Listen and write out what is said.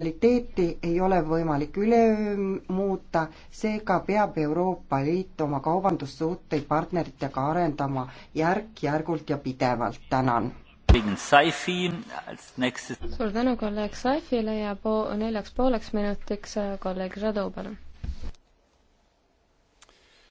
realiteeti ei ole võimalik üleöö muuta, seega peab Euroopa Liit oma kaubandussuhteid partneritega arendama järk-järgult ja pidevalt, tänan. suur tänu kolleeg Saifile ja po-, neljaks pooleks minutiks kolleeg Žadov, palun.